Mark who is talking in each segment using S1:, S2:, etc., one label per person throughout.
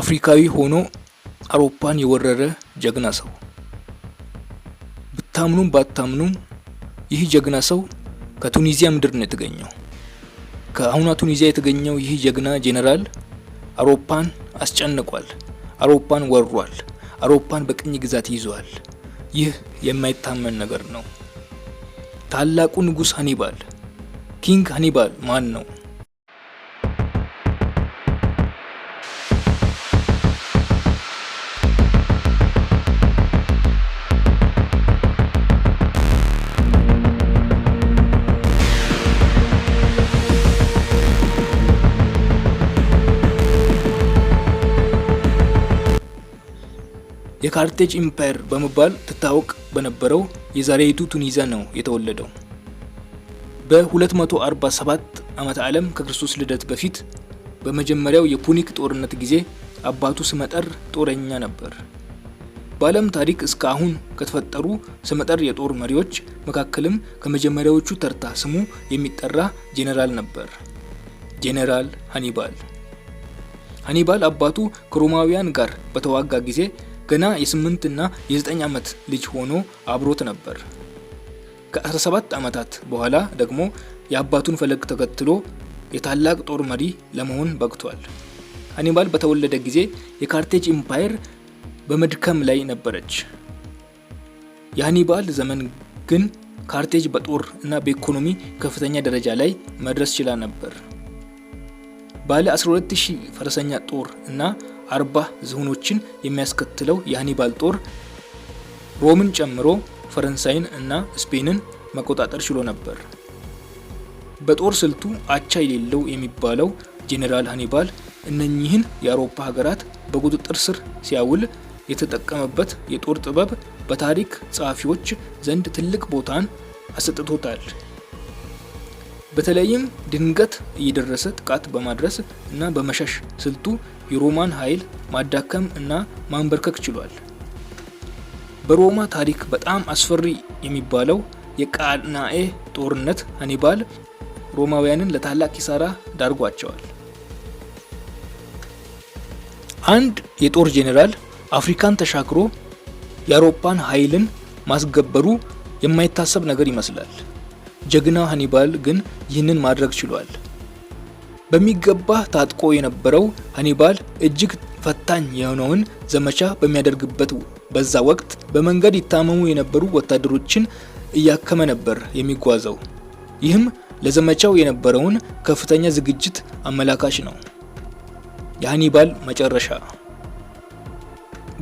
S1: አፍሪካዊ ሆኖ አውሮፓን የወረረ ጀግና ሰው። ብታምኑም ባታምኑም ይህ ጀግና ሰው ከቱኒዚያ ምድር ነው የተገኘው። ከአሁኗ ቱኒዚያ የተገኘው ይህ ጀግና ጄኔራል አውሮፓን አስጨንቋል። አውሮፓን ወሯል። አውሮፓን በቅኝ ግዛት ይዟል። ይህ የማይታመን ነገር ነው። ታላቁ ንጉስ ሃኒባል ኪንግ ሃኒባል ማን ነው? የካርቴጅ ኢምፓየር በመባል ትታወቅ በነበረው የዛሬይቱ ቱኒዚያ ነው የተወለደው። በ247 ዓመተ ዓለም ከክርስቶስ ልደት በፊት በመጀመሪያው የፑኒክ ጦርነት ጊዜ አባቱ ስመጠር ጦረኛ ነበር። በዓለም ታሪክ እስካሁን ከተፈጠሩ ስመጠር የጦር መሪዎች መካከልም ከመጀመሪያዎቹ ተርታ ስሙ የሚጠራ ጄኔራል ነበር፣ ጄኔራል ሃኒባል። ሃኒባል አባቱ ከሮማውያን ጋር በተዋጋ ጊዜ ገና የስምንትና የዘጠኝ ዓመት ልጅ ሆኖ አብሮት ነበር። ከ17 ዓመታት በኋላ ደግሞ የአባቱን ፈለግ ተከትሎ የታላቅ ጦር መሪ ለመሆን በቅቷል። ሃኒባል በተወለደ ጊዜ የካርቴጅ ኢምፓየር በመድከም ላይ ነበረች። የሃኒባል ዘመን ግን ካርቴጅ በጦር እና በኢኮኖሚ ከፍተኛ ደረጃ ላይ መድረስ ችላ ነበር። ባለ 12000 ፈረሰኛ ጦር እና አርባ ዝሆኖችን የሚያስከትለው የሃኒባል ጦር ሮምን ጨምሮ ፈረንሳይን እና ስፔንን መቆጣጠር ችሎ ነበር። በጦር ስልቱ አቻ የሌለው የሚባለው ጄኔራል ሃኒባል እነኚህን የአውሮፓ ሀገራት በቁጥጥር ስር ሲያውል የተጠቀመበት የጦር ጥበብ በታሪክ ጸሐፊዎች ዘንድ ትልቅ ቦታን አሰጥቶታል። በተለይም ድንገት እየደረሰ ጥቃት በማድረስ እና በመሸሽ ስልቱ የሮማን ኃይል ማዳከም እና ማንበርከክ ችሏል። በሮማ ታሪክ በጣም አስፈሪ የሚባለው የቃናኤ ጦርነት ሀኒባል ሮማውያንን ለታላቅ ኪሳራ ዳርጓቸዋል። አንድ የጦር ጄኔራል አፍሪካን ተሻግሮ የአውሮፓን ኃይልን ማስገበሩ የማይታሰብ ነገር ይመስላል። ጀግናው ሃኒባል ግን ይህንን ማድረግ ችሏል። በሚገባ ታጥቆ የነበረው ሃኒባል እጅግ ፈታኝ የሆነውን ዘመቻ በሚያደርግበት በዛ ወቅት በመንገድ ይታመሙ የነበሩ ወታደሮችን እያከመ ነበር የሚጓዘው። ይህም ለዘመቻው የነበረውን ከፍተኛ ዝግጅት አመላካች ነው። የሃኒባል መጨረሻ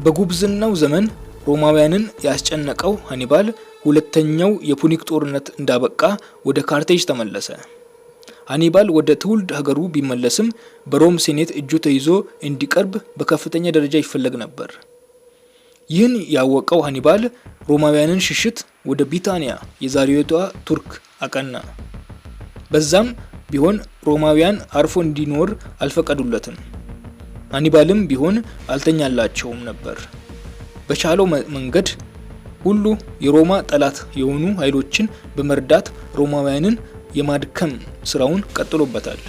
S1: በጉብዝናው ዘመን ሮማውያንን ያስጨነቀው ሃኒባል ሁለተኛው የፑኒክ ጦርነት እንዳበቃ ወደ ካርቴጅ ተመለሰ። ሃኒባል ወደ ትውልድ ሀገሩ ቢመለስም በሮም ሴኔት እጁ ተይዞ እንዲቀርብ በከፍተኛ ደረጃ ይፈለግ ነበር። ይህን ያወቀው ሃኒባል ሮማውያንን ሽሽት ወደ ቢታንያ የዛሬቷ ቱርክ አቀና። በዛም ቢሆን ሮማውያን አርፎ እንዲኖር አልፈቀዱለትም። ሃኒባልም ቢሆን አልተኛላቸውም ነበር። በቻለው መንገድ ሁሉ የሮማ ጠላት የሆኑ ኃይሎችን በመርዳት ሮማውያንን የማድከም ስራውን ቀጥሎበታል።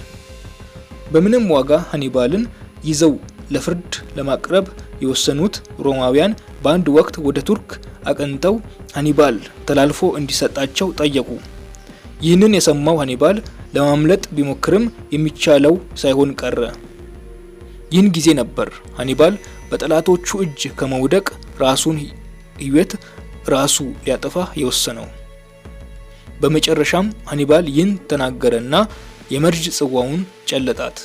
S1: በምንም ዋጋ ሃኒባልን ይዘው ለፍርድ ለማቅረብ የወሰኑት ሮማውያን በአንድ ወቅት ወደ ቱርክ አቅንተው ሃኒባል ተላልፎ እንዲሰጣቸው ጠየቁ። ይህንን የሰማው ሃኒባል ለማምለጥ ቢሞክርም የሚቻለው ሳይሆን ቀረ። ይህን ጊዜ ነበር ሃኒባል በጠላቶቹ እጅ ከመውደቅ ራሱን ህይወት ራሱ ሊያጠፋ የወሰነው። በመጨረሻም ሀኒባል ይህን ተናገረ እና የመርጅ ጽዋውን ጨለጣት።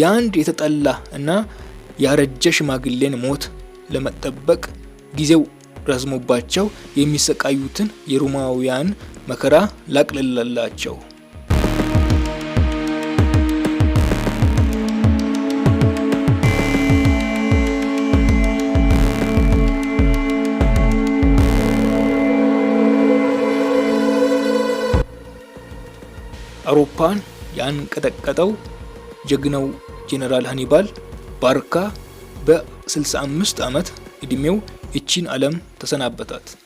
S1: የአንድ የተጠላ እና ያረጀ ሽማግሌን ሞት ለመጠበቅ ጊዜው ረዝሞባቸው የሚሰቃዩትን የሮማውያን መከራ ላቅልላላቸው። አውሮፓን ያንቀጠቀጠው ጀግናው ጄኔራል ሃኒባል ባርካ በ65 ዓመት ዕድሜው እቺን ዓለም ተሰናበታት።